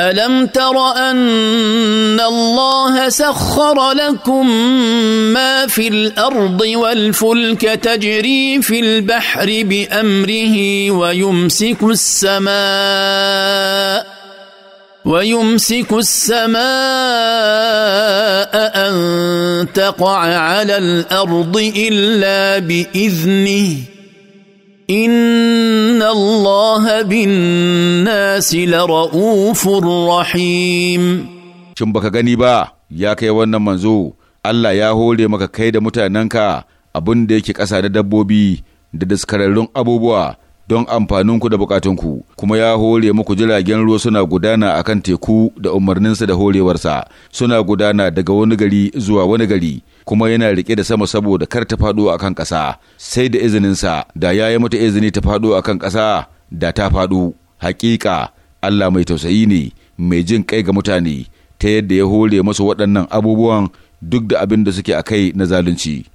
الم تر ان الله سخر لكم ما في الارض والفلك تجري في البحر بامره ويمسك السماء ويمسك السماء ان تقع على الارض الا باذنه إن إن الله بالناس لرؤوف رحيم shin baka gani ba ya kai wannan manzo Allah ya hore maka kai da mutanenka abin da yake ƙasa da dabbobi da daskararrun abubuwa don amfaninku da bukatunku kuma ya hore muku jiragen ruwa suna gudana akan teku da umarninsa da horewarsa suna gudana daga wani gari zuwa wani gari kuma yana rike da sama saboda kar ta faɗo akan ƙasa sai da izininsa da ya yi mata izini ta faɗo akan ƙasa da ta faɗo Haƙiƙa Allah mai tausayi ne mai jin kai ga mutane ta yadda ya hore masu waɗannan abubuwan duk da abin da suke a kai na zalunci.